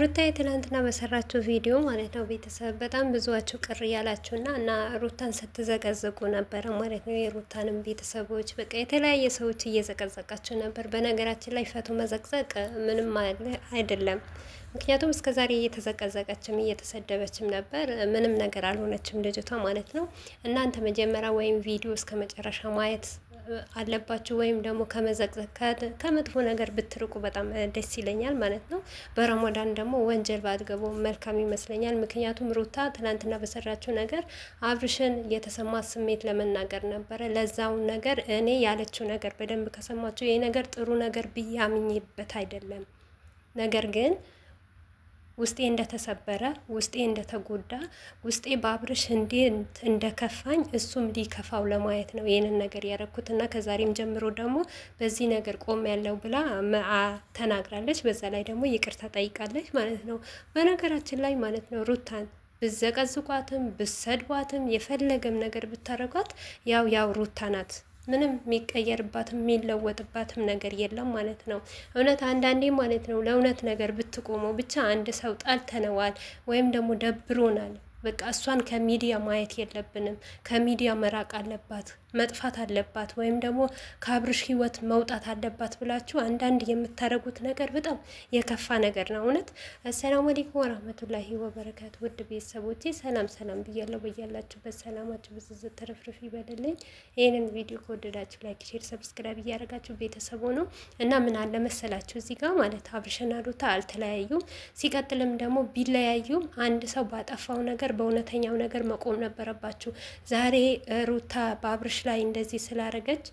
ሩታ የትናንትና በሰራችው ቪዲዮ ማለት ነው ቤተሰብ በጣም ብዙዋችሁ ቅር እያላችሁ ና እና ሩታን ስትዘቀዝቁ ነበረ ማለት ነው። የሩታንም ቤተሰቦች በቃ የተለያየ ሰዎች እየዘቀዘቃቸው ነበር። በነገራችን ላይ ፈቶ መዘቅዘቅ ምንም አይደለም። ምክንያቱም እስከዛሬ እየተዘቀዘቀችም እየተሰደበችም ነበር፣ ምንም ነገር አልሆነችም ልጅቷ ማለት ነው። እናንተ መጀመሪያ ወይም ቪዲዮ እስከ መጨረሻ ማየት አለባችሁ ወይም ደግሞ ከመዘቅዘቅ ከመጥፎ ነገር ብትርቁ በጣም ደስ ይለኛል ማለት ነው። በረሞዳን ደግሞ ወንጀል ባትገቡ መልካም ይመስለኛል። ምክንያቱም ሩታ ትናንትና በሰራችው ነገር አብርሽን የተሰማ ስሜት ለመናገር ነበረ። ለዛው ነገር እኔ ያለችው ነገር በደንብ ከሰማችሁ ይህ ነገር ጥሩ ነገር ብዬ አይደለም ነገር ግን ውስጤ እንደተሰበረ ውስጤ እንደተጎዳ ውስጤ በአብርሽ እንዴት እንደከፋኝ እሱም ሊከፋው ለማየት ነው ይህንን ነገር ያደረኩት እና ከዛሬም ጀምሮ ደግሞ በዚህ ነገር ቆም ያለው ብላ ተናግራለች። በዛ ላይ ደግሞ ይቅርታ ጠይቃለች ማለት ነው። በነገራችን ላይ ማለት ነው ሩታን ብዘቀዝቋትም ብሰድቧትም የፈለገም ነገር ብታረጓት ያው ያው ሩታ ናት። ምንም የሚቀየርባትም የሚለወጥባትም ነገር የለም ማለት ነው። እውነት አንዳንዴ ማለት ነው ለእውነት ነገር ብትቆመው ብቻ አንድ ሰው ጣልተነዋል ወይም ደግሞ ደብሮናል፣ በቃ እሷን ከሚዲያ ማየት የለብንም፣ ከሚዲያ መራቅ አለባት መጥፋት አለባት ወይም ደግሞ ከአብርሽ ህይወት መውጣት አለባት ብላችሁ አንዳንድ የምታደርጉት ነገር በጣም የከፋ ነገር ነው። እውነት አሰላሙ አለይኩም ወራህመቱላሂ ወበረካቱ። ውድ ቤተሰቦቼ ሰላም ሰላም ብያለሁ። በያላችሁበት ሰላማችሁ ብዝዝ ተረፍርፍ ይበልልኝ። ይህንን ቪዲዮ ከወደዳችሁ ላይክ፣ ሼር፣ ሰብስክራይብ እያደረጋችሁ ቤተሰቡ ነው እና ምን አለ መሰላችሁ እዚህ ጋር ማለት አብርሽና ሩታ አልተለያዩም። ሲቀጥልም ደግሞ ቢለያዩም አንድ ሰው ባጠፋው ነገር በእውነተኛው ነገር መቆም ነበረባችሁ። ዛሬ ሩታ በአብርሽ ላይ እንደዚህ ስላረገች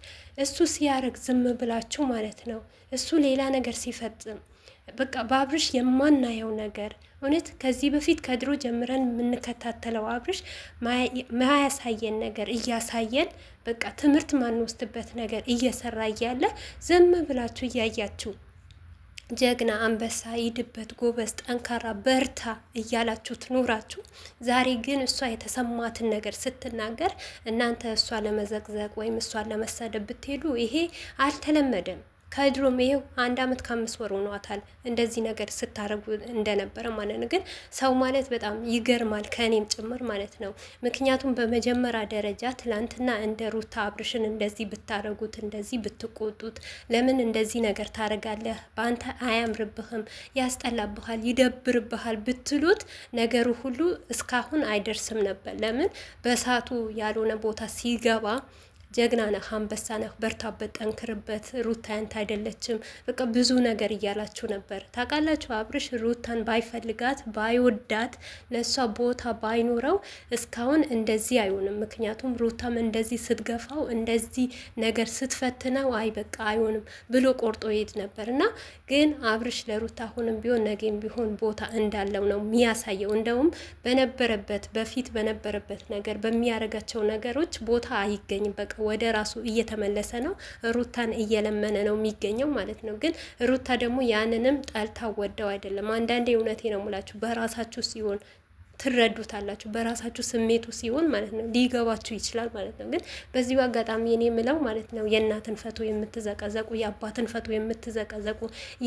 እሱ ሲያረግ ዝም ብላችሁ ማለት ነው። እሱ ሌላ ነገር ሲፈጽም በቃ በአብርሽ የማናየው ነገር እውነት ከዚህ በፊት ከድሮ ጀምረን የምንከታተለው አብርሽ ማያሳየን ነገር እያሳየን በቃ ትምህርት ማንወስድበት ነገር እየሰራ እያለ ዝም ብላችሁ እያያችሁ ጀግና፣ አንበሳ፣ ይድበት፣ ጎበዝ፣ ጠንካራ፣ በርታ እያላችሁ ትኑራችሁ። ዛሬ ግን እሷ የተሰማትን ነገር ስትናገር እናንተ እሷ ለመዘቅዘቅ ወይም እሷን ለመሳደብ ብትሄዱ ይሄ አልተለመደም። ከድሮም ይሄው አንድ አመት ከአምስት ወር ሆኗታል እንደዚህ ነገር ስታደርጉ እንደነበረ ማለት ነው። ግን ሰው ማለት በጣም ይገርማል ከእኔም ጭምር ማለት ነው። ምክንያቱም በመጀመሪያ ደረጃ ትላንትና እንደ ሩታ አብርሽን እንደዚህ ብታደርጉት እንደዚህ ብትቆጡት፣ ለምን እንደዚህ ነገር ታደርጋለህ በአንተ አያምርብህም፣ ያስጠላብሃል፣ ይደብርብሃል ብትሉት ነገሩ ሁሉ እስካሁን አይደርስም ነበር። ለምን በሳቱ ያልሆነ ቦታ ሲገባ ጀግና ነህ፣ አንበሳ ነህ፣ በርታበት፣ ጠንክርበት፣ ሩታ ያንተ አይደለችም፣ በቃ ብዙ ነገር እያላችሁ ነበር። ታውቃላችሁ አብርሽ ሩታን ባይፈልጋት ባይወዳት ለእሷ ቦታ ባይኖረው እስካሁን እንደዚህ አይሆንም። ምክንያቱም ሩታም እንደዚህ ስትገፋው እንደዚህ ነገር ስትፈትነው አይ በቃ አይሆንም ብሎ ቆርጦ ይሄድ ነበር እና ግን አብርሽ ለሩታ አሁንም ቢሆን ነገም ቢሆን ቦታ እንዳለው ነው የሚያሳየው። እንደውም በነበረበት በፊት በነበረበት ነገር በሚያረጋቸው ነገሮች ቦታ አይገኝም በቃ ወደ ራሱ እየተመለሰ ነው። ሩታን እየለመነ ነው የሚገኘው ማለት ነው። ግን ሩታ ደግሞ ያንንም ጠልታ ወደው አይደለም። አንዳንዴ እውነቴ ነው ሙላችሁ በራሳችሁ ሲሆን ትረዱታላችሁ በራሳችሁ ስሜቱ ሲሆን ማለት ነው ሊገባችሁ ይችላል ማለት ነው። ግን በዚሁ አጋጣሚ እኔ ምለው ማለት ነው የእናትን ፈቶ የምትዘቀዘቁ የአባትን ፈቶ የምትዘቀዘቁ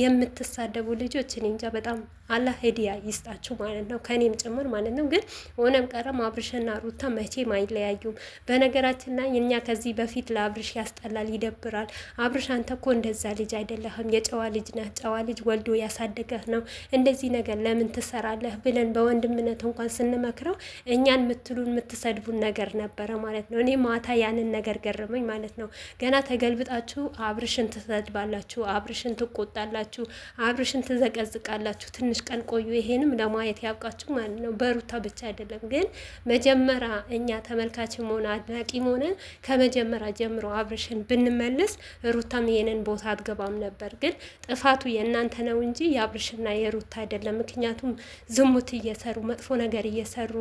የምትሳደቡ ልጆች እኔ እንጃ በጣም አላህ ሄዲያ ይስጣችሁ ማለት ነው፣ ከኔም ጭምር ማለት ነው። ግን ሆነም ቀረም አብርሽና ሩታ መቼም አይለያዩም። በነገራችን ላይ እኛ ከዚህ በፊት ለአብርሽ ያስጠላል፣ ይደብራል። አብርሽ አንተ እኮ እንደዛ ልጅ አይደለህም፣ የጨዋ ልጅ ነህ፣ ጨዋ ልጅ ወልዶ ያሳደገህ ነው፣ እንደዚህ ነገር ለምን ትሰራለህ ብለን በወንድምነት እንኳን ስንመክረው እኛን ምትሉን የምትሰድቡን ነገር ነበረ ማለት ነው። እኔ ማታ ያንን ነገር ገረመኝ ማለት ነው። ገና ተገልብጣችሁ አብርሽን ትሰድባላችሁ፣ አብርሽን ትቆጣላችሁ፣ አብርሽን ትዘቀዝቃላችሁ ትንሽ ቀን ቆዩ። ይሄንም ለማየት ያብቃችሁ ማለት ነው። በሩታ ብቻ አይደለም ግን መጀመሪያ እኛ ተመልካችም ሆነ አድናቂም ሆነ ከመጀመሪያ ጀምሮ አብርሽን ብንመልስ ሩታም ይሄንን ቦታ አትገባም ነበር። ግን ጥፋቱ የእናንተ ነው እንጂ የአብርሽና የሩታ አይደለም። ምክንያቱም ዝሙት እየሰሩ መጥፎ ነገር እየሰሩ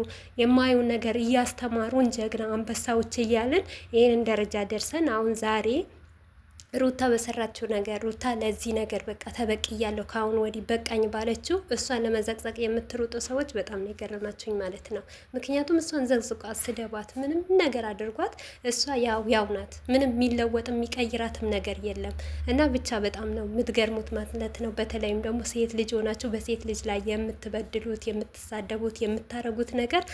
የማየውን ነገር እያስተማሩን ጀግና አንበሳዎች እያለን ይህንን ደረጃ ደርሰን አሁን ዛሬ ሩታ በሰራችው ነገር ሩታ ለዚህ ነገር በቃ ተበቅያለሁ ከአሁን ወዲህ በቃኝ ባለችው እሷን ለመዘቅዘቅ የምትሩጡ ሰዎች በጣም ነው የገረማችሁኝ ማለት ነው። ምክንያቱም እሷን ዘቅዝቋት፣ ስደቧት፣ ምንም ነገር አድርጓት እሷ ያው ያው ናት። ምንም የሚለወጥ የሚቀይራትም ነገር የለም እና ብቻ በጣም ነው የምትገርሙት ማለት ነው። በተለይም ደግሞ ሴት ልጅ ሆናችሁ በሴት ልጅ ላይ የምትበድሉት፣ የምትሳደቡት፣ የምታረጉት ነገር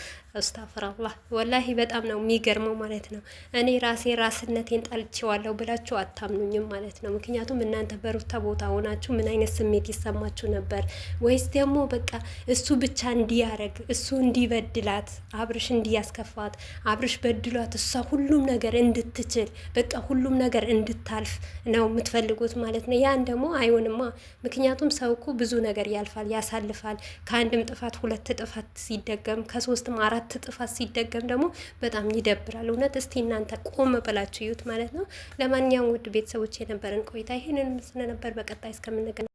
አስታፍራላህ ወላሂ በጣም ነው የሚገርመው ማለት ነው። እኔ ራሴ ራስነቴን ጣልቼዋለሁ ብላችሁ አታምኑ አልገባኝም ማለት ነው። ምክንያቱም እናንተ በሩታ ቦታ ሆናችሁ ምን አይነት ስሜት ይሰማችሁ ነበር? ወይስ ደግሞ በቃ እሱ ብቻ እንዲያረግ እሱ እንዲበድላት አብርሽ እንዲያስከፋት አብርሽ በድሏት እሷ ሁሉም ነገር እንድትችል በቃ ሁሉም ነገር እንድታልፍ ነው የምትፈልጉት ማለት ነው። ያን ደግሞ አይሆንማ። ምክንያቱም ሰው እኮ ብዙ ነገር ያልፋል፣ ያሳልፋል። ከአንድም ጥፋት ሁለት ጥፋት ሲደገም ከሶስትም አራት ጥፋት ሲደገም ደግሞ በጣም ይደብራል። እውነት እስቲ እናንተ ቆም ብላችሁ እዩት ማለት ነው። ለማንኛውም ውድ ቤተሰብ ቤተሰቦች የነበረን ቆይታ ይህንን ምስል ነበር። በቀጣይ እስከምንገናኝ